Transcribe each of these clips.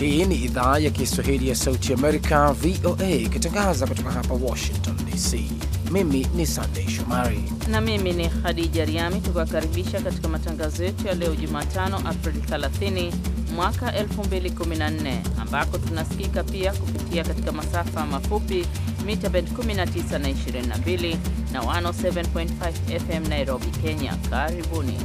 Hii ni idhaa ya Kiswahili ya Sauti Amerika, VOA, ikitangaza kutoka hapa Washington DC. Mimi ni Sandei Shomari na mimi ni Khadija Riami, tukiwakaribisha katika matangazo yetu ya leo Jumatano, Aprili 30 mwaka 2014, ambako tunasikika pia kupitia katika masafa mafupi mita bend 19 na 22 na 107.5 FM Nairobi, Kenya. Karibuni.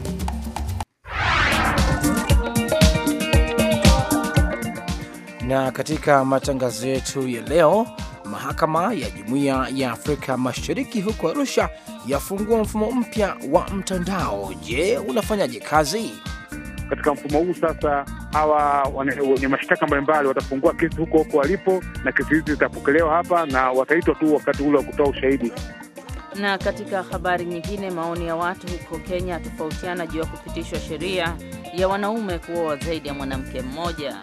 Na katika matangazo yetu ya leo, mahakama ya Jumuiya ya Afrika Mashariki huko Arusha yafungua mfumo mpya wa mtandao. Je, unafanyaje kazi katika mfumo huu? Sasa hawa wenye mashtaka mbalimbali watafungua kesi huko huko walipo, na kesi hizi zitapokelewa hapa na wataitwa tu wakati ule wa kutoa ushahidi. Na katika habari nyingine, maoni ya watu huko Kenya tofautiana juu ya kupitishwa sheria ya wanaume kuoa zaidi ya mwanamke mmoja.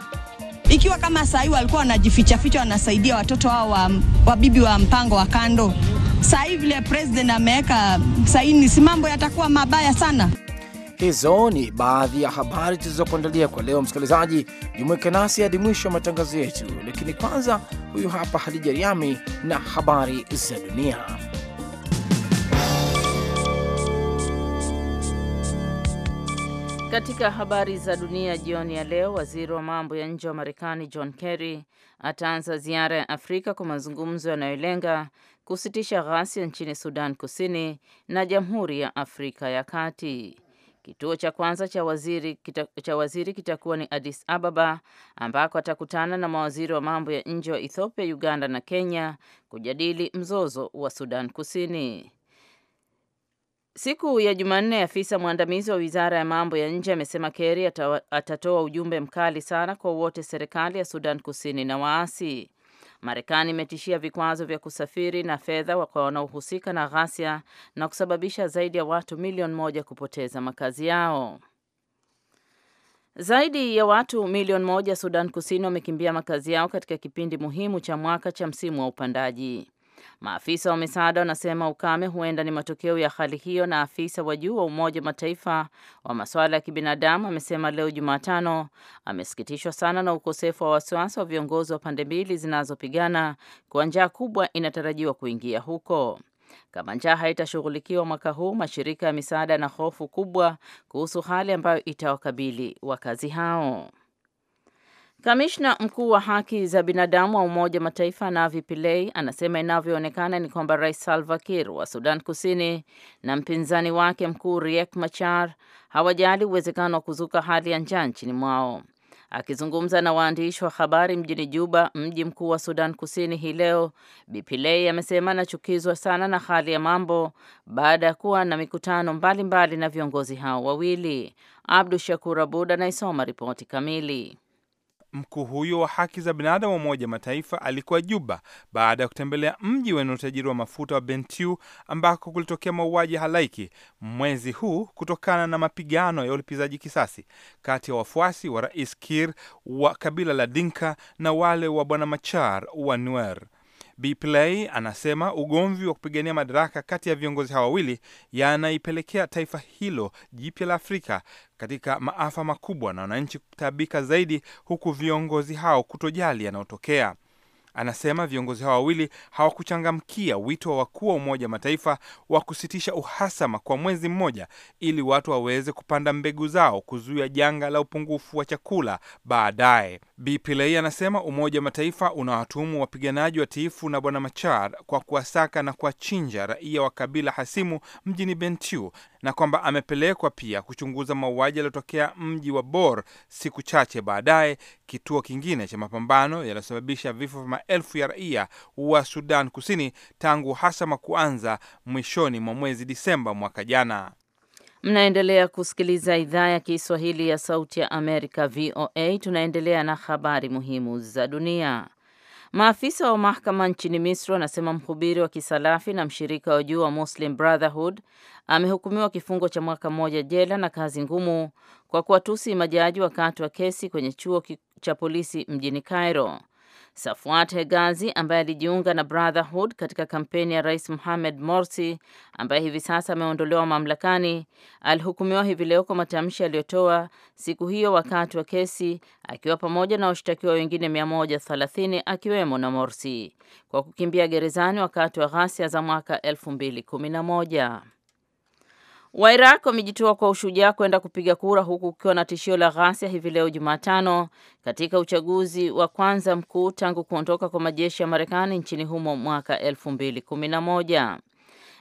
Ikiwa kama saa hii walikuwa wanajificha ficha wanasaidia watoto hao wa, wa bibi wa mpango wa kando, saa hii vile president ameweka saini, si mambo yatakuwa mabaya sana. Hizo ni baadhi ya habari tulizokuandalia kwa leo. Msikilizaji, jumuika nasi hadi mwisho wa matangazo yetu, lakini kwanza, huyu hapa Hadija Riami na habari za dunia. Katika habari za dunia jioni ya leo, waziri wa mambo ya nje wa Marekani John Kerry ataanza ziara ya Afrika kwa mazungumzo yanayolenga kusitisha ghasia nchini Sudan Kusini na Jamhuri ya Afrika ya Kati. Kituo cha kwanza cha waziri kita, cha waziri kitakuwa ni Addis Ababa ambako atakutana na mawaziri wa mambo ya nje wa Ethiopia, Uganda na Kenya kujadili mzozo wa Sudan Kusini. Siku ya Jumanne, afisa mwandamizi wa wizara ya mambo ya nje amesema keri atatoa ujumbe mkali sana kwa wote serikali ya Sudan Kusini na waasi. Marekani imetishia vikwazo vya kusafiri na fedha kwa wanaohusika na ghasia na kusababisha zaidi ya watu milioni moja kupoteza makazi yao. Zaidi ya watu milioni moja Sudan Kusini wamekimbia makazi yao katika kipindi muhimu cha mwaka cha msimu wa upandaji. Maafisa wa misaada wanasema ukame huenda ni matokeo ya hali hiyo, na afisa wa juu wa Umoja wa Mataifa wa masuala ya kibinadamu amesema leo Jumatano amesikitishwa sana na ukosefu wa wasiwasi wa viongozi wa pande mbili zinazopigana kwa njaa kubwa inatarajiwa kuingia huko kama njaa haitashughulikiwa mwaka huu, mashirika ya misaada yana hofu kubwa kuhusu hali ambayo itawakabili wakazi hao. Kamishna mkuu wa haki za binadamu wa Umoja wa Mataifa Navi Pillay anasema inavyoonekana ni kwamba Rais Salva Kiir wa Sudan Kusini na mpinzani wake mkuu Riek Machar hawajali uwezekano wa kuzuka hali ya njaa nchini mwao. Akizungumza na waandishi wa habari mjini Juba, mji mkuu wa Sudan Kusini hii leo, bpilei amesema anachukizwa sana na hali ya mambo baada ya kuwa na mikutano mbalimbali mbali na viongozi hao wawili. Abdu Shakur Abud anaisoma ripoti kamili. Mkuu huyo wa haki za binadamu wa Umoja Mataifa alikuwa Juba baada ya kutembelea mji wenye utajiri wa mafuta wa Bentiu ambako kulitokea mauaji halaiki mwezi huu kutokana na mapigano ya ulipizaji kisasi kati ya wafuasi wa Rais Kir wa kabila la Dinka na wale wa Bwana Machar wa Nuer. Bplay anasema ugomvi wa kupigania madaraka kati ya viongozi hawa wawili yanaipelekea taifa hilo jipya la Afrika katika maafa makubwa na wananchi kutaabika zaidi, huku viongozi hao kutojali yanayotokea. Anasema viongozi hao wawili hawakuchangamkia wito wa wakuu wa Umoja Mataifa wa kusitisha uhasama kwa mwezi mmoja ili watu waweze kupanda mbegu zao kuzuia janga la upungufu wa chakula baadaye. Bi anasema Umoja wa Mataifa unawatumu wapiganaji wa tiifu na Bwana Machar kwa kuwasaka na kuwachinja raia wa kabila hasimu mjini Bentiu na kwamba amepelekwa pia kuchunguza mauaji yaliyotokea mji wa Bor siku chache baadaye, kituo kingine cha mapambano yaliyosababisha vifo vya maelfu ya raia wa Sudan Kusini tangu hasama kuanza mwishoni mwa mwezi Disemba mwaka jana. Mnaendelea kusikiliza idhaa ya Kiswahili ya Sauti ya Amerika, VOA. Tunaendelea na habari muhimu za dunia. Maafisa wa mahakama nchini Misri wanasema mhubiri wa Kisalafi na mshirika wa juu wa Muslim Brotherhood amehukumiwa kifungo cha mwaka mmoja jela na kazi ngumu kwa kuwatusi majaji wakati wa kesi kwenye chuo cha polisi mjini Cairo. Safwat Hegazi ambaye alijiunga na Brotherhood katika kampeni ya Rais Mohamed Morsi ambaye hivi sasa ameondolewa mamlakani, alihukumiwa hivi leo kwa matamshi aliyotoa siku hiyo wakati wa kesi, akiwa pamoja na washtakiwa wengine 130 akiwemo na Morsi kwa kukimbia gerezani wakati wa ghasia za mwaka 2011. Wairaq wamejitoa kwa ushujaa kwenda kupiga kura huku kukiwa na tishio la ghasia hivi leo Jumatano katika uchaguzi wa kwanza mkuu tangu kuondoka kwa majeshi ya Marekani nchini humo mwaka 2011.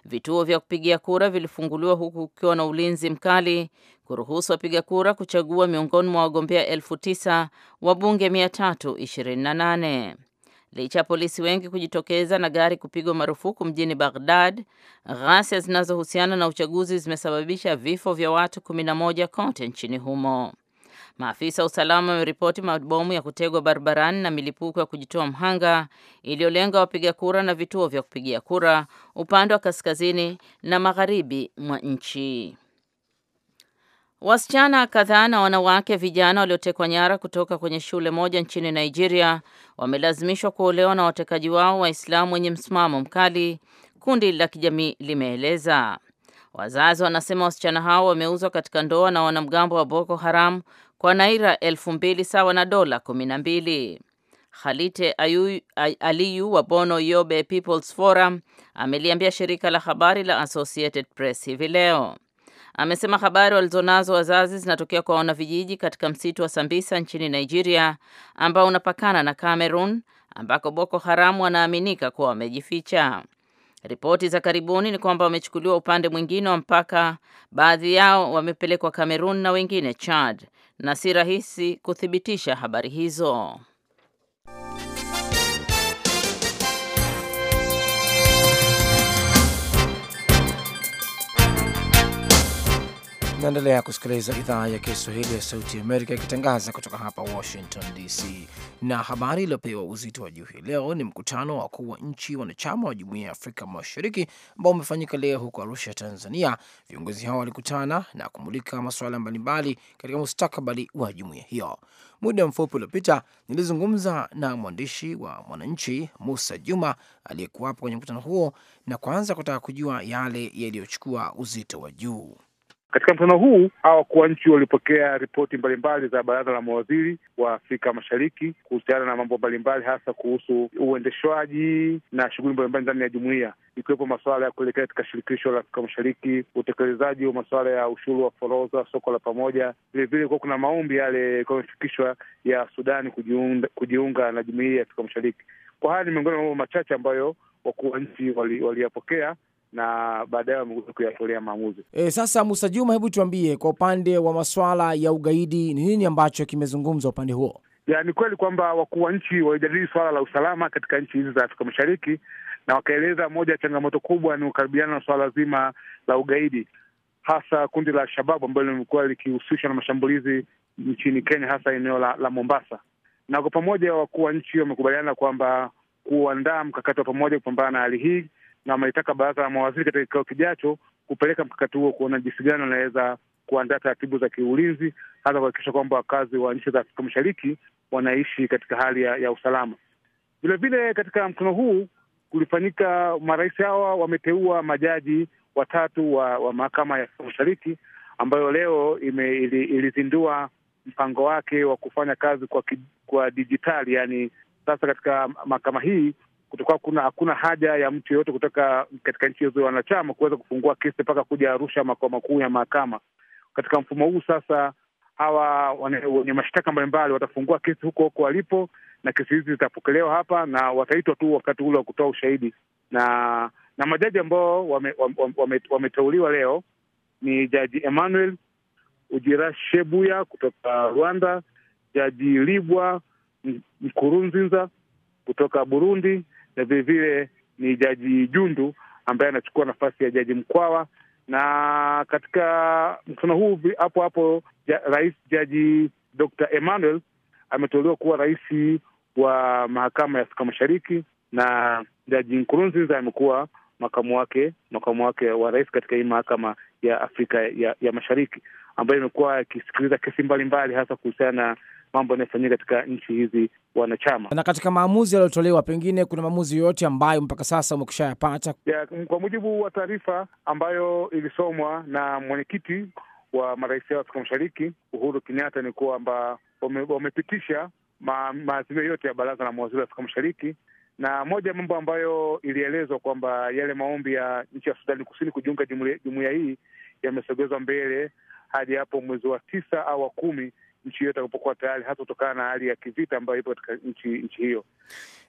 Vituo vya kupigia kura vilifunguliwa huku kukiwa na ulinzi mkali kuruhusu wapiga kura kuchagua miongoni mwa wagombea elfu tisa wa bunge 328. Licha ya polisi wengi kujitokeza na gari kupigwa marufuku mjini Baghdad, ghasia zinazohusiana na uchaguzi zimesababisha vifo vya watu 11 kote nchini humo. Maafisa wa usalama wameripoti mabomu ya kutegwa barabarani na milipuko ya kujitoa mhanga iliyolenga wapiga kura na vituo vya kupigia kura upande wa kaskazini na magharibi mwa nchi. Wasichana kadhaa na wanawake vijana waliotekwa nyara kutoka kwenye shule moja nchini Nigeria wamelazimishwa kuolewa na watekaji wao Waislamu wenye msimamo mkali, kundi la kijamii limeeleza. Wazazi wanasema wasichana hao wameuzwa katika ndoa na wanamgambo wa Boko Haram kwa naira elfu mbili sawa na dola kumi na mbili. Khalite Ayu, Aliyu wa Bono Yobe People's Forum ameliambia shirika la habari la Associated Press hivi leo. Amesema habari walizonazo wazazi zinatokea kwa wanavijiji katika msitu wa Sambisa nchini Nigeria ambao unapakana na Cameroon ambako Boko Haram wanaaminika kuwa wamejificha. Ripoti za karibuni ni kwamba wamechukuliwa upande mwingine wa mpaka, baadhi yao wamepelekwa cameroon na wengine Chad, na si rahisi kuthibitisha habari hizo. Naendelea kusikiliza idhaa ya Kiswahili ya Sauti Amerika ikitangaza kutoka hapa Washington DC, na habari iliyopewa uzito wa juu hii leo ni mkutano wa wakuu wa nchi wanachama wa Jumuiya ya Afrika Mashariki ambao umefanyika leo huko Arusha, Tanzania. Viongozi hao walikutana na kumulika masuala mbalimbali katika mustakabali wa jumuiya hiyo. Muda mfupi uliopita nilizungumza na mwandishi wa Mwananchi Musa Juma aliyekuwapo kwenye mkutano huo, na kwanza kutaka kujua yale yaliyochukua uzito wa juu. Katika mkutano huu hawa wakuu wa nchi walipokea ripoti mbalimbali za baraza la mawaziri wa Afrika Mashariki kuhusiana na mambo mbalimbali, hasa kuhusu uendeshwaji na shughuli mbalimbali ndani ya jumuiya, ikiwepo masuala ya kuelekea katika shirikisho la Afrika Mashariki, utekelezaji wa masuala ya ushuru wa forodha, soko la pamoja. Vilevile kuwa kuna maombi yale yalikuwa yamefikishwa ya Sudani kujiunga, kujiunga na jumuiya ya Afrika Mashariki. Kwa haya ni miongoni mwa mambo machache ambayo wakuu wa nchi waliyapokea wali na baadaye wamekuja kuyatolea maamuzi. E, sasa Musa Juma, hebu tuambie kwa upande wa maswala ya ugaidi ni nini ambacho kimezungumzwa upande huo? Ya, ni kweli kwamba wakuu wa nchi walijadili suala la usalama katika nchi hizi za Afrika Mashariki na wakaeleza moja ya changamoto kubwa ni kukaribiana na suala zima la ugaidi, hasa kundi la Shababu ambalo limekuwa likihusishwa na mashambulizi nchini Kenya, hasa eneo la, la Mombasa. Na kwa pamoja wakuu wa nchi wamekubaliana kwamba kuandaa mkakati wa pamoja kupambana na hali hii na wameitaka baraza la mawaziri katika kikao kijacho kupeleka mkakati huo kuona jinsi gani wanaweza kuandaa taratibu za kiulinzi, hasa kuhakikisha kwamba wakazi wa nchi za Afrika Mashariki wanaishi katika hali ya, ya usalama. Vilevile katika mkutano huu kulifanyika, marais hawa wameteua majaji watatu wa, wa mahakama ya Afrika Mashariki ambayo leo ime, ili, ilizindua mpango wake wa kufanya kazi kwa, kwa dijitali. Yani sasa katika mahakama hii kutokuwa kuna hakuna haja ya mtu yeyote kutoka katika nchi hizo wanachama kuweza kufungua kesi mpaka kuja Arusha, makao makuu ya mahakama. Katika mfumo huu sasa, hawa wenye mashtaka mbalimbali watafungua kesi huko huko walipo, na kesi hizi zitapokelewa hapa na wataitwa tu wakati ule wa kutoa ushahidi. Na na majaji ambao wameteuliwa wame, wame, wame leo ni Jaji Emmanuel Ujira Shebuya kutoka Rwanda, Jaji Libwa Mkurunzinza kutoka Burundi na vilevile ni Jaji Jundu ambaye anachukua nafasi ya Jaji Mkwawa. Na katika mkutano huu hapo hapo ja, rais Jaji Dr. Emmanuel ameteuliwa kuwa rais wa mahakama ya Afrika Mashariki na Jaji Nkurunziza amekuwa makamu wake makamu wake wa rais katika hii mahakama ya Afrika ya, ya Mashariki ambayo imekuwa ikisikiliza kesi mbalimbali mbali hasa kuhusiana na mambo yanayofanyika katika nchi hizi wanachama. Na katika maamuzi yaliyotolewa, pengine kuna maamuzi yoyote ambayo mpaka sasa Ya, Kwa mujibu wa taarifa ambayo ilisomwa na mwenyekiti wa marais wa Afrika Mashariki Uhuru Kenyatta ni kwamba wamepitisha maazimio yote ya baraza la mawaziri wa Afrika Mashariki, na moja ya mambo ambayo ilielezwa kwamba yale maombi ya nchi ya Sudani Kusini kujiunga jumuiya hii yamesogezwa mbele hadi hapo mwezi wa tisa au wa kumi nchi hiyo itakapokuwa tayari, hasa kutokana na hali ya kivita ambayo ipo katika nchi nchi hiyo.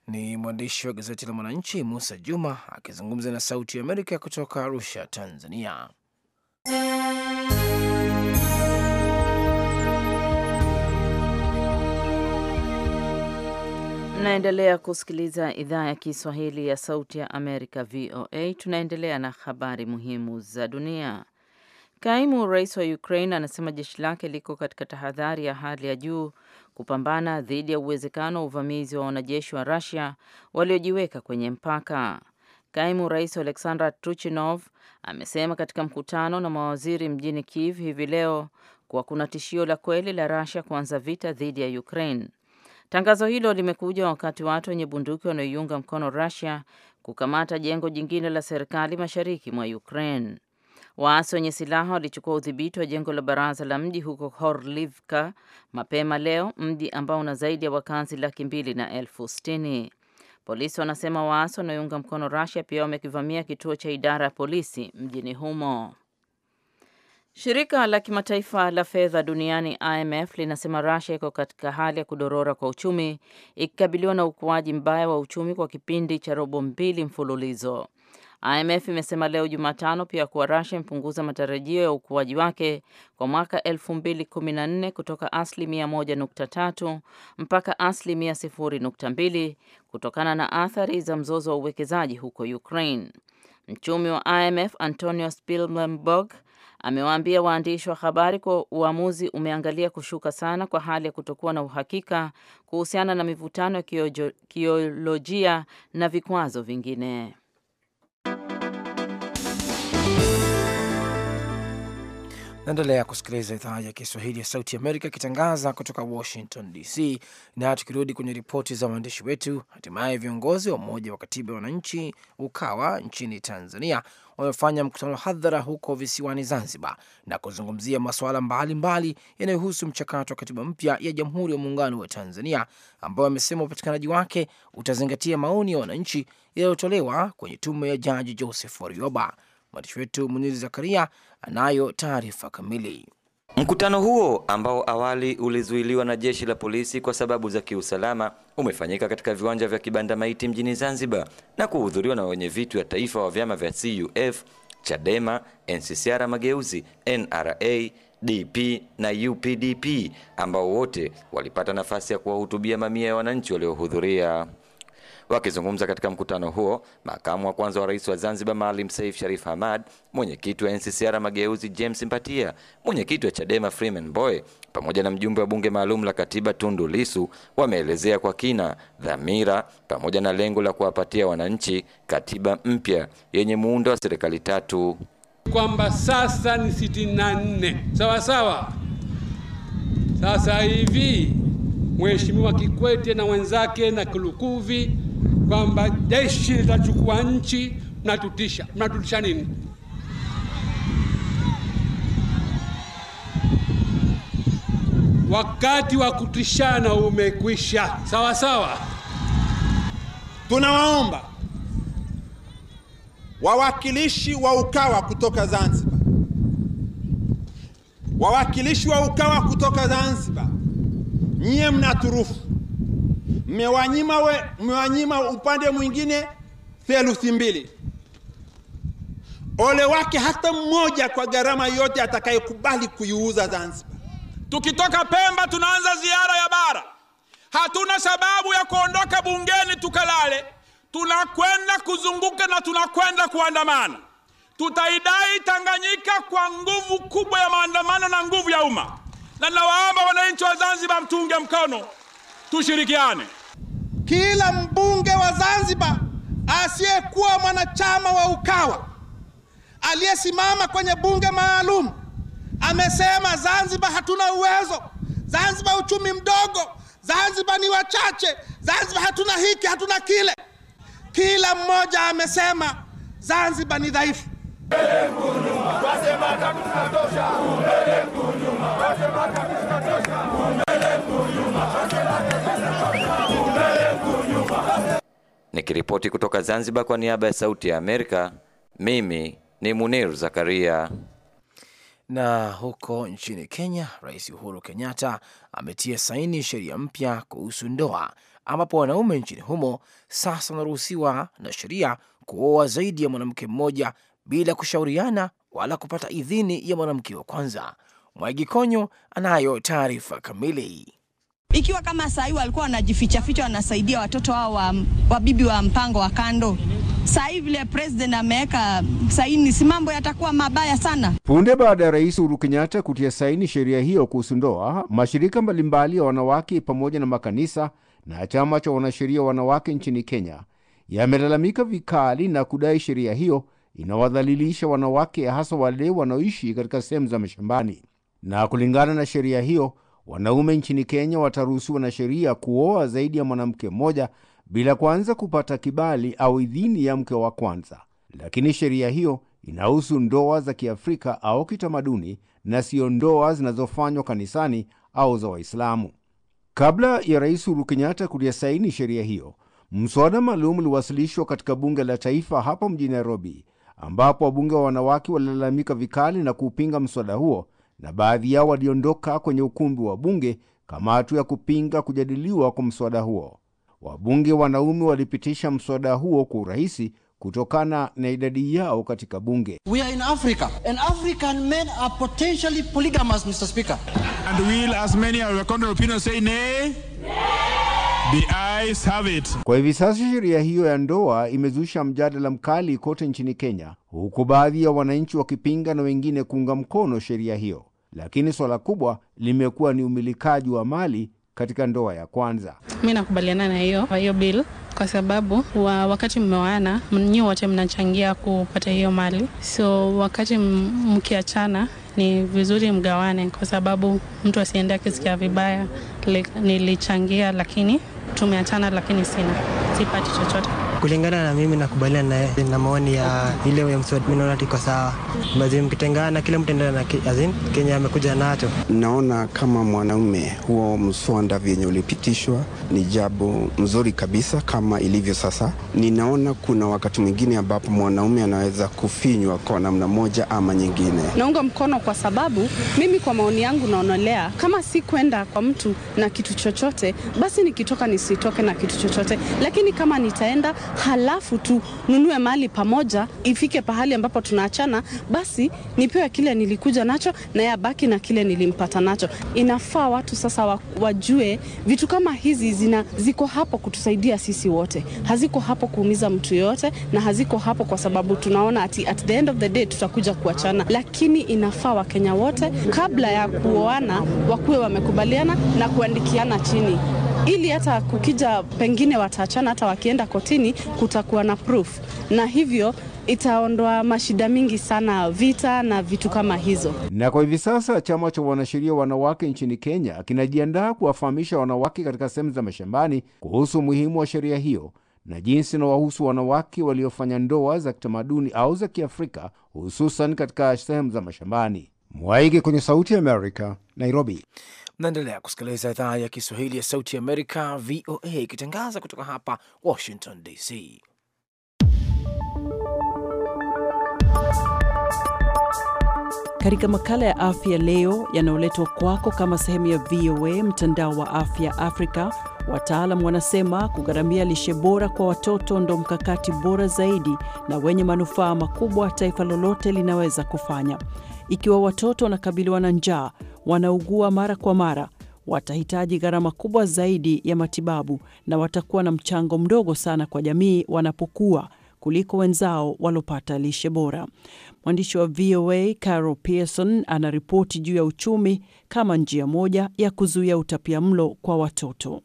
Ni mwandishi wa gazeti la Mwananchi Musa Juma akizungumza na Sauti ya Amerika kutoka Arusha, Tanzania. Naendelea kusikiliza idhaa ya Kiswahili ya Sauti ya Amerika, VOA. Tunaendelea na habari muhimu za dunia. Kaimu rais wa Ukraine anasema jeshi lake liko katika tahadhari ya hali ya juu kupambana dhidi ya uwezekano wa uvamizi wa wanajeshi wa Russia waliojiweka kwenye mpaka. Kaimu rais Alexander truchinov amesema katika mkutano na mawaziri mjini Kiev hivi leo kuwa kuna tishio la kweli la Russia kuanza vita dhidi ya Ukraine. Tangazo hilo limekuja wakati watu wenye bunduki wanaoiunga mkono Russia kukamata jengo jingine la serikali mashariki mwa Ukraine. Waasi wenye silaha walichukua udhibiti wa jengo la baraza la mji huko Horlivka mapema leo, mji ambao una zaidi ya wakazi laki mbili na elfu sitini. Polisi wanasema waasi wanaoiunga mkono Russia pia wamekivamia kituo cha idara ya polisi mjini humo. Shirika la kimataifa la fedha duniani IMF linasema Russia iko katika hali ya kudorora kwa uchumi ikikabiliwa na ukuaji mbaya wa uchumi kwa kipindi cha robo mbili mfululizo. IMF imesema leo Jumatano pia kuwa Russia imepunguza matarajio ya ukuaji wake kwa mwaka 2014 kutoka asilimia 1.3 mpaka asilimia 0.2 kutokana na athari za mzozo wa uwekezaji huko Ukraine. Mchumi wa IMF Antonio Spielberg amewaambia waandishi wa habari kwa uamuzi umeangalia kushuka sana kwa hali ya kutokuwa na uhakika kuhusiana na mivutano ya kiolojia na vikwazo vingine. Naendelea kusikiliza idhaa ya Kiswahili ya Sauti Amerika ikitangaza kutoka Washington DC. Na tukirudi kwenye ripoti za waandishi wetu, hatimaye viongozi wa Umoja wa Katiba ya Wananchi UKAWA nchini Tanzania wamefanya mkutano hadhara huko visiwani Zanzibar na kuzungumzia masuala mbalimbali yanayohusu mchakato wa katiba mpya ya Jamhuri ya Muungano wa Tanzania, ambayo amesema upatikanaji wake utazingatia maoni ya wananchi yaliyotolewa kwenye tume ya Jaji Joseph Warioba. Mwandishi wetu Muniri Zakaria anayo taarifa kamili. Mkutano huo ambao awali ulizuiliwa na jeshi la polisi kwa sababu za kiusalama umefanyika katika viwanja vya Kibanda Maiti mjini Zanzibar na kuhudhuriwa na wenyeviti wa taifa wa vyama vya CUF, Chadema, NCCR Mageuzi, NRA, DP na UPDP ambao wote walipata nafasi ya kuwahutubia mamia ya wananchi waliohudhuria. Wakizungumza katika mkutano huo, makamu wa kwanza wa rais wa Zanzibar Maalim Seif Sharif Hamad, mwenyekiti wa NCCR Mageuzi James mpatia mwenyekiti wa Chadema Freeman Mbowe pamoja na mjumbe wa bunge maalum la katiba Tundu Lissu wameelezea kwa kina dhamira pamoja na lengo la kuwapatia wananchi katiba mpya yenye muundo wa serikali tatu kwamba sasa ni sitini na nne sawa sawa. Sasa hivi Mheshimiwa Kikwete na wenzake na Kulukuvi kwamba jeshi litachukua nchi, mnatutisha. Mnatutisha nini? Wakati wa kutishana umekwisha, sawa sawa. Tunawaomba wawakilishi wa Ukawa kutoka Zanzibar, wawakilishi wa Ukawa kutoka Zanzibar, nyie mnaturufu mmewanyima we mmewanyima upande mwingine theluthi mbili. Ole wake hata mmoja kwa gharama yote atakayekubali kuiuza Zanzibar. Tukitoka Pemba tunaanza ziara ya bara, hatuna sababu ya kuondoka bungeni tukalale. Tunakwenda kuzunguka na tunakwenda kuandamana. Tutaidai Tanganyika kwa nguvu kubwa ya maandamano na nguvu ya umma, na nawaomba wananchi wa Zanzibar mtunge mkono tushirikiane. Kila mbunge wa Zanzibar asiyekuwa mwanachama wa Ukawa aliyesimama kwenye bunge maalum amesema Zanzibar hatuna uwezo, Zanzibar uchumi mdogo, Zanzibar ni wachache, Zanzibar hatuna hiki, hatuna kile. Kila mmoja amesema Zanzibar ni dhaifu. Nikiripoti kutoka Zanzibar kwa niaba ya Sauti ya Amerika, mimi ni Munir Zakaria. Na huko nchini Kenya, Rais Uhuru Kenyatta ametia saini sheria mpya kuhusu ndoa, ambapo wanaume nchini humo sasa wanaruhusiwa na sheria kuoa zaidi ya mwanamke mmoja bila kushauriana wala kupata idhini ya mwanamke wa kwanza. mwagikonyo anayo taarifa kamili ikiwa kama saa hii walikuwa wanajificha ficha wanasaidia watoto wao wa, wa bibi wa mpango wa kando saa hii vile president ameweka saini, si mambo yatakuwa mabaya sana. Punde baada ya Rais Uhuru Kenyatta kutia saini sheria hiyo kuhusu ndoa, mashirika mbalimbali ya wanawake pamoja na makanisa na chama cha wanasheria wanawake nchini Kenya yamelalamika vikali na kudai sheria hiyo inawadhalilisha wanawake, hasa wale wanaoishi katika sehemu za mashambani, na kulingana na sheria hiyo wanaume nchini Kenya wataruhusiwa na sheria kuoa zaidi ya mwanamke mmoja bila kwanza kupata kibali au idhini ya mke wa kwanza, lakini sheria hiyo inahusu ndoa za Kiafrika au kitamaduni na siyo ndoa zinazofanywa kanisani au za Waislamu. Kabla ya Rais Uhuru Kenyatta kutia saini sheria hiyo, mswada maalum uliwasilishwa katika bunge la taifa hapa mjini Nairobi, ambapo wabunge wa wanawake walilalamika vikali na kuupinga mswada huo na baadhi yao waliondoka kwenye ukumbi wa bunge kama hatua ya kupinga kujadiliwa kwa mswada huo. Wabunge wanaume walipitisha mswada huo kwa urahisi kutokana na idadi yao katika bunge. We are in Africa and African men are potentially polygamous, Mr. Speaker. And as many say nay. The eyes have it. Kwa hivi sasa sheria hiyo ya ndoa imezusha mjadala mkali kote nchini Kenya, huku baadhi ya wananchi wakipinga na wengine kuunga mkono sheria hiyo lakini swala kubwa limekuwa ni umilikaji wa mali katika ndoa ya kwanza. Mi nakubaliana na hiyo hiyo bill kwa sababu wa wakati mmeoana nyinyi wote mnachangia kupata hiyo mali, so wakati mkiachana ni vizuri mgawane, kwa sababu mtu asiende akisikia vibaya, nilichangia lakini tumeachana, lakini sina sipati chochote. Kulingana na mimi nakubaliana naye na maoni ya ile ya Mswati, mimi naona tiko sawa, basi mkitengana, kila mtu endelea na azin Kenya amekuja nacho. Naona kama mwanaume huo mswanda vyenye ulipitishwa ni jambo mzuri kabisa kama ilivyo sasa. Ninaona kuna wakati mwingine ambapo mwanaume anaweza kufinywa kwa namna moja ama nyingine. Naunga mkono kwa sababu mimi kwa maoni yangu naonelea kama si kwenda kwa mtu na kitu chochote, basi nikitoka nisitoke na kitu chochote, lakini kama nitaenda halafu tununue mali pamoja, ifike pahali ambapo tunaachana, basi nipewe kile nilikuja nacho na yabaki na kile nilimpata nacho. Inafaa watu sasa wajue vitu kama hizi zina, ziko hapo kutusaidia sisi wote, haziko hapo kuumiza mtu yoyote, na haziko hapo kwa sababu tunaona ati at the end of the day tutakuja kuachana. Lakini inafaa Wakenya wote kabla ya kuoana wakuwe wamekubaliana na kuandikiana chini ili hata kukija pengine wataachana, hata wakienda kotini kutakuwa na proof, na hivyo itaondoa mashida mingi sana, vita na vitu kama hizo. Na kwa hivi sasa chama cha wanasheria wanawake nchini Kenya kinajiandaa kuwafahamisha wanawake katika sehemu za mashambani kuhusu umuhimu wa sheria hiyo na jinsi inawahusu wanawake waliofanya ndoa za kitamaduni au za Kiafrika, hususan katika sehemu za mashambani. Mwaige kwenye Sauti ya Amerika, Nairobi. Naendelea kusikiliza idhaa ya Kiswahili ya Sauti Amerika, VOA, ikitangaza kutoka hapa Washington DC. Katika makala ya afya leo yanayoletwa kwako kama sehemu ya VOA mtandao wa afya Afrika, wataalam wanasema kugharamia lishe bora kwa watoto ndo mkakati bora zaidi na wenye manufaa makubwa taifa lolote linaweza kufanya. Ikiwa watoto wanakabiliwa na njaa, wanaugua mara kwa mara watahitaji gharama kubwa zaidi ya matibabu na watakuwa na mchango mdogo sana kwa jamii wanapokuwa kuliko wenzao walopata lishe bora. Mwandishi wa VOA Carol Pearson anaripoti juu ya uchumi kama njia moja ya kuzuia utapia mlo kwa watoto.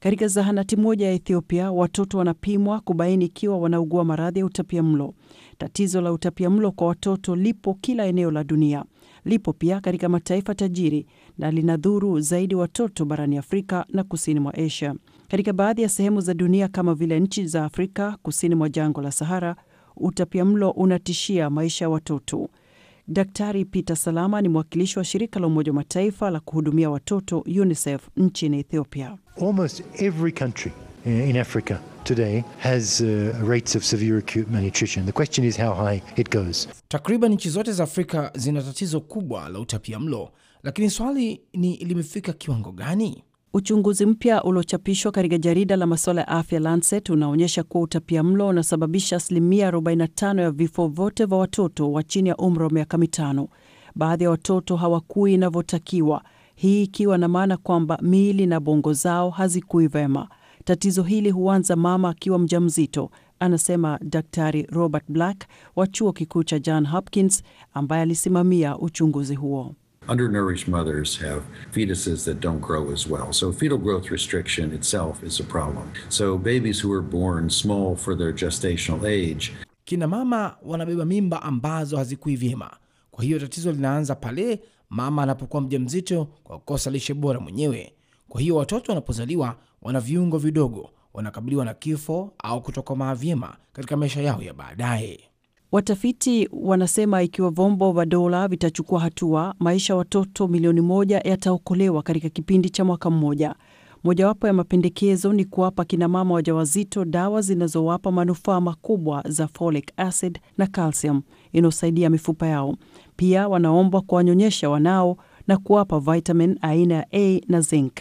Katika zahanati moja ya Ethiopia, watoto wanapimwa kubaini ikiwa wanaugua maradhi ya utapia mlo. Tatizo la utapia mlo kwa watoto lipo kila eneo la dunia, lipo pia katika mataifa tajiri na linadhuru zaidi watoto barani Afrika na kusini mwa Asia. Katika baadhi ya sehemu za dunia kama vile nchi za Afrika kusini mwa jangwa la Sahara, utapia mlo unatishia maisha ya watoto. Daktari Peter Salama ni mwakilishi wa shirika la Umoja wa Mataifa la kuhudumia watoto UNICEF nchini Ethiopia. Almost every country eh, in Africa today has uh, rates of severe acute malnutrition. The question is how high it goes. Takriban nchi zote za Afrika zina tatizo kubwa la utapiamlo, lakini swali ni limefika kiwango gani? Uchunguzi mpya uliochapishwa katika jarida la masuala ya afya Lancet unaonyesha kuwa utapia mlo unasababisha asilimia 45 ya vifo vyote vya watoto wa chini ya umri wa miaka mitano. Baadhi ya watoto hawakui inavyotakiwa, hii ikiwa na maana kwamba miili na bongo zao hazikui vema. Tatizo hili huanza mama akiwa mjamzito, anasema Daktari Robert Black wa chuo kikuu cha John Hopkins ambaye alisimamia uchunguzi huo. Undernourished mothers have fetuses that don't grow as well. So fetal growth restriction itself is a problem. So babies who are born small for their gestational age. Kina mama wanabeba mimba ambazo hazikui vyema. Kwa hiyo tatizo linaanza pale mama anapokuwa mjamzito kwa kukosa lishe bora mwenyewe. Kwa hiyo watoto wanapozaliwa wana viungo vidogo wanakabiliwa na kifo au kutokomaa vyema katika maisha yao ya baadaye. Watafiti wanasema ikiwa vyombo vya dola vitachukua hatua, maisha ya watoto milioni moja yataokolewa katika kipindi cha mwaka mmoja. Mojawapo ya mapendekezo ni kuwapa kinamama wajawazito dawa zinazowapa manufaa makubwa za folic acid na calcium inayosaidia mifupa yao. Pia wanaombwa kuwanyonyesha wanao na kuwapa vitamin aina ya A na zinc.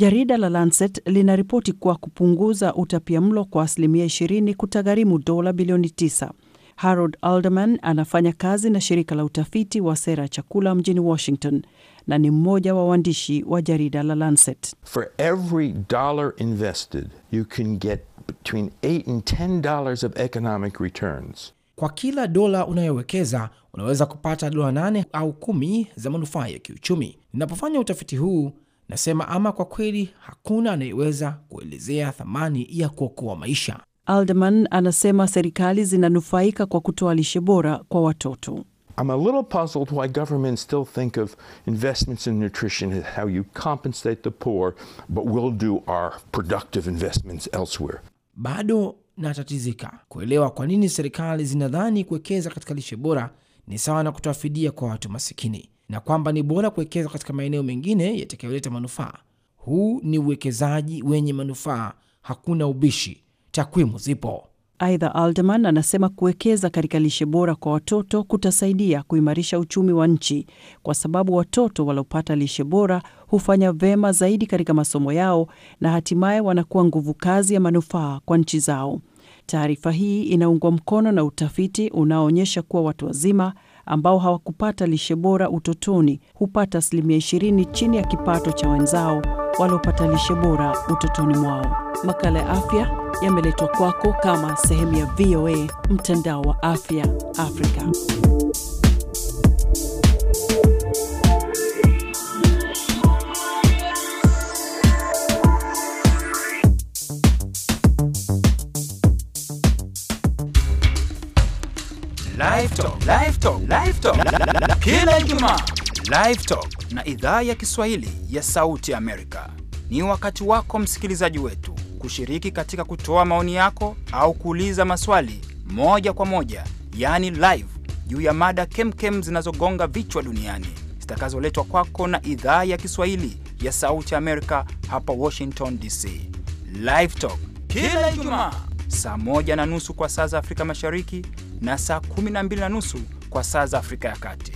Jarida la Lancet linaripoti kuwa kupunguza utapiamlo kwa asilimia 20 kutagharimu dola bilioni 9. Harold Alderman anafanya kazi na shirika la utafiti wa sera ya chakula mjini Washington na ni mmoja wa waandishi wa jarida la Lancet. For every dollar invested, you can get between 8 and 10 of economic returns. Kwa kila dola unayowekeza unaweza kupata dola 8 au kumi za manufaa ya kiuchumi. Ninapofanya utafiti huu Nasema ama kwa kweli hakuna anayeweza kuelezea thamani ya kuokoa maisha. Alderman anasema serikali zinanufaika kwa kutoa lishe bora kwa watoto. I'm a little puzzled why governments still think of investments in nutrition as how you compensate the poor, but we'll do our productive investments elsewhere. Bado natatizika kuelewa kwa nini serikali zinadhani kuwekeza katika lishe bora ni sawa na kutoa fidia kwa watu masikini na kwamba ni bora kuwekeza katika maeneo mengine yatakayoleta manufaa. Huu ni uwekezaji wenye manufaa, hakuna ubishi, takwimu zipo. Aidha, Alderman anasema kuwekeza katika lishe bora kwa watoto kutasaidia kuimarisha uchumi wa nchi, kwa sababu watoto waliopata lishe bora hufanya vema zaidi katika masomo yao na hatimaye wanakuwa nguvu kazi ya manufaa kwa nchi zao. Taarifa hii inaungwa mkono na utafiti unaoonyesha kuwa watu wazima ambao hawakupata lishe bora utotoni hupata asilimia 20 chini ya kipato cha wenzao waliopata lishe bora utotoni mwao. Makala ya afya yameletwa kwako kama sehemu ya VOA mtandao wa afya Afrika. kila Ijumaa. na idhaa ya Kiswahili ya Sauti Amerika, ni wakati wako msikilizaji wetu kushiriki katika kutoa maoni yako au kuuliza maswali moja kwa moja, yaani live, juu ya mada kemkem zinazogonga vichwa duniani zitakazoletwa kwako na idhaa ya Kiswahili ya Sauti Amerika hapa Washington DC. Livetalk kila Ijumaa saa moja na nusu kwa saa za Afrika Mashariki na saa kumi na mbili na nusu kwa saa za Afrika ya Kati.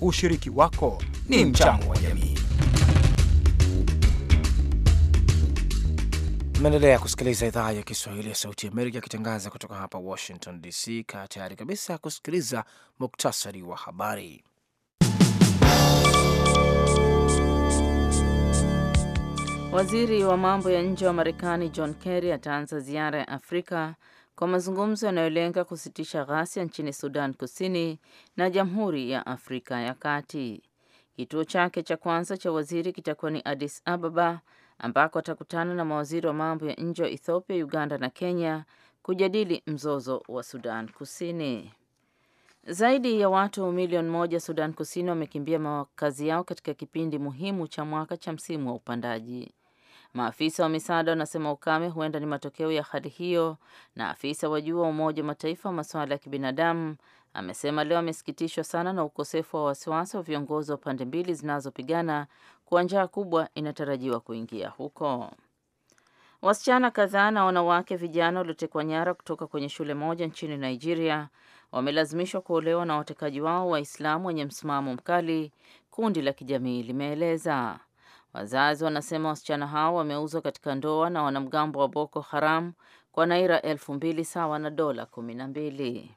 Ushiriki wako ni mchango wa jamii. Mnaendelea kusikiliza idhaa ya Kiswahili ya Sauti ya Amerika ikitangaza kutoka hapa Washington DC. Kaa tayari kabisa kusikiliza muktasari wa habari. Waziri wa mambo ya nje wa Marekani John Kerry ataanza ziara ya Afrika kwa mazungumzo yanayolenga kusitisha ghasia nchini Sudan Kusini na Jamhuri ya Afrika ya Kati. Kituo chake cha kwanza cha waziri kitakuwa ni Addis Ababa ambako atakutana na mawaziri wa mambo ya nje wa Ethiopia, Uganda na Kenya kujadili mzozo wa Sudan Kusini. Zaidi ya watu milioni moja Sudan Kusini wamekimbia makazi yao katika kipindi muhimu cha mwaka cha msimu wa upandaji. Maafisa wa misaada wanasema ukame huenda ni matokeo ya hali hiyo, na afisa wa juu wa Umoja wa Mataifa wa masuala ya kibinadamu amesema leo amesikitishwa sana na ukosefu wa wasiwasi wa viongozi wa pande mbili zinazopigana kuwa njaa kubwa inatarajiwa kuingia huko. Wasichana kadhaa na wanawake vijana waliotekwa nyara kutoka kwenye shule moja nchini Nigeria wamelazimishwa kuolewa na watekaji wao Waislamu wenye msimamo mkali, kundi la kijamii limeeleza. Wazazi wanasema wasichana hao wameuzwa katika ndoa na wanamgambo wa Boko Haram kwa naira elfu mbili sawa na dola kumi na mbili.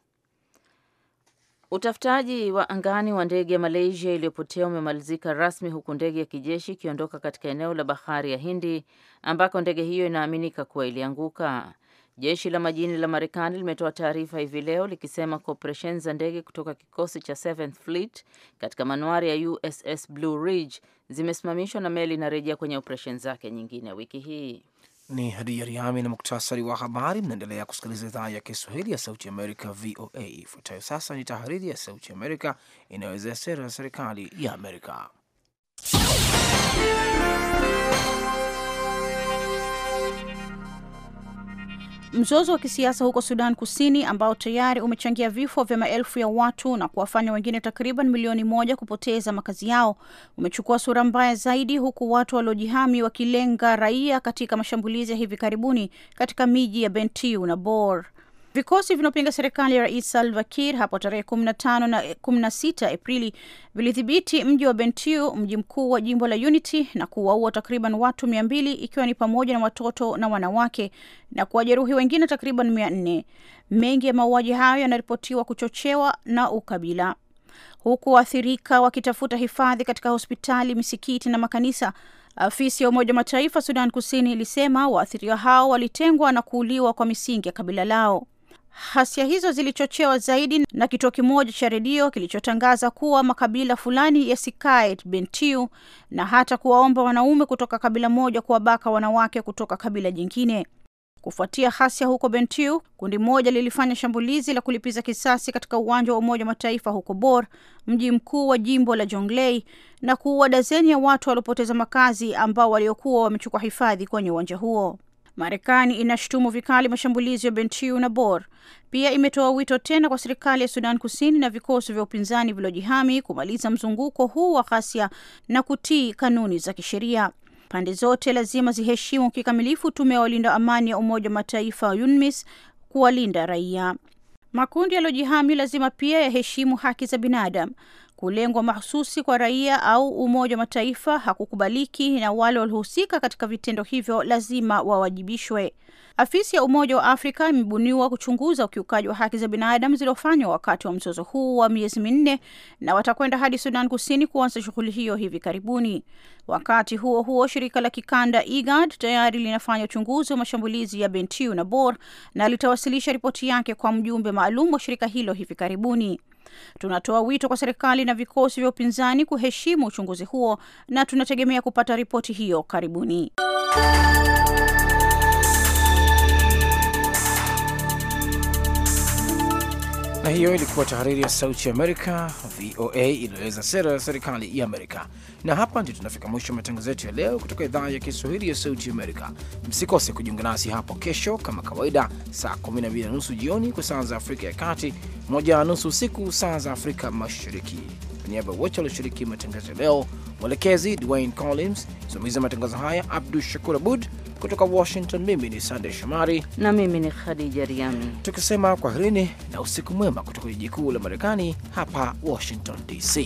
Utafutaji wa angani wa ndege ya Malaysia iliyopotea umemalizika rasmi huku ndege ya kijeshi ikiondoka katika eneo la bahari ya Hindi ambako ndege hiyo inaaminika kuwa ilianguka. Jeshi la majini la Marekani limetoa taarifa hivi leo likisema kwa operesheni za ndege kutoka kikosi cha 7th Fleet katika manuari ya USS Blue Ridge zimesimamishwa na meli inarejea kwenye operesheni zake nyingine wiki hii. Ni Hadija Riami na muktasari wa habari. Mnaendelea kusikiliza idhaa ya Kiswahili ya Sauti Amerika, VOA. Ifuatayo sasa ni tahariri ya Sauti Amerika inayowezea sera za serikali ya Amerika. Mzozo wa kisiasa huko Sudan Kusini ambao tayari umechangia vifo vya maelfu ya watu na kuwafanya wengine takriban milioni moja kupoteza makazi yao umechukua sura mbaya zaidi, huku watu waliojihami wakilenga raia katika mashambulizi ya hivi karibuni katika miji ya Bentiu na Bor. Vikosi vinaopinga serikali ya Rais Salva Kiir hapo tarehe 15 na 16 eh, Aprili vilidhibiti mji wa Bentiu, mji mkuu wa jimbo la Unity, na kuwaua takriban watu mia mbili ikiwa ni pamoja na watoto na wanawake na kuwajeruhi wengine takriban mia nne. Mengi ya mauaji hayo yanaripotiwa kuchochewa na ukabila, huku waathirika wakitafuta hifadhi katika hospitali, misikiti na makanisa. Afisi ya Umoja Mataifa Sudan Kusini ilisema waathiriwa hao walitengwa na kuuliwa kwa misingi ya kabila lao. Hasia hizo zilichochewa zaidi na kituo kimoja cha redio kilichotangaza kuwa makabila fulani ya yasikae Bentiu na hata kuwaomba wanaume kutoka kabila moja kuwabaka wanawake kutoka kabila jingine. Kufuatia hasia huko Bentiu, kundi moja lilifanya shambulizi la kulipiza kisasi katika uwanja wa Umoja wa Mataifa huko Bor, mji mkuu wa jimbo la Jonglei, na kuua dazeni ya watu waliopoteza makazi ambao waliokuwa wamechukua hifadhi kwenye uwanja huo. Marekani inashutumu vikali mashambulizi ya Bentiu na Bor. Pia imetoa wito tena kwa serikali ya Sudan Kusini na vikosi vya upinzani vilojihami kumaliza mzunguko huu wa ghasia na kutii kanuni za kisheria. Pande zote lazima ziheshimu kikamilifu tume ya walinda amani ya Umoja wa Mataifa UNMISS kuwalinda raia. Makundi yaliyojihami lazima pia yaheshimu haki za binadamu. Kulengwa mahususi kwa raia au Umoja wa Mataifa hakukubaliki, na wale waliohusika katika vitendo hivyo lazima wawajibishwe. Afisi ya Umoja wa Afrika imebuniwa kuchunguza ukiukaji wa haki za binadamu zilizofanywa wakati wa mzozo huu wa miezi minne, na watakwenda hadi Sudan Kusini kuanza shughuli hiyo hivi karibuni. Wakati huo huo, shirika la kikanda IGAD tayari linafanya uchunguzi wa mashambulizi ya Bentiu na Bor na litawasilisha ripoti yake kwa mjumbe maalum wa shirika hilo hivi karibuni. Tunatoa wito kwa serikali na vikosi vya upinzani kuheshimu uchunguzi huo na tunategemea kupata ripoti hiyo karibuni. Na hiyo ilikuwa tahariri ya Sauti Amerika, VOA, iliyoeleza sera ya serikali ya Amerika. Na hapa ndio tunafika mwisho wa matangazo yetu ya leo kutoka idhaa ya Kiswahili ya Sauti Amerika. Msikose kujiunga nasi hapo kesho kama kawaida, saa 12 na nusu jioni kwa saa za Afrika ya Kati, 1 na nusu usiku saa za Afrika Mashariki niaba ya wote walioshiriki matangazo leo, mwelekezi Dwayne Collins, msimamizi wa matangazo haya Abdu Shakur Abud kutoka Washington. Mimi ni Sandey Shomari na mimi ni Khadija Riami, tukisema kwaherini na usiku mwema kutoka jiji kuu la Marekani, hapa Washington DC.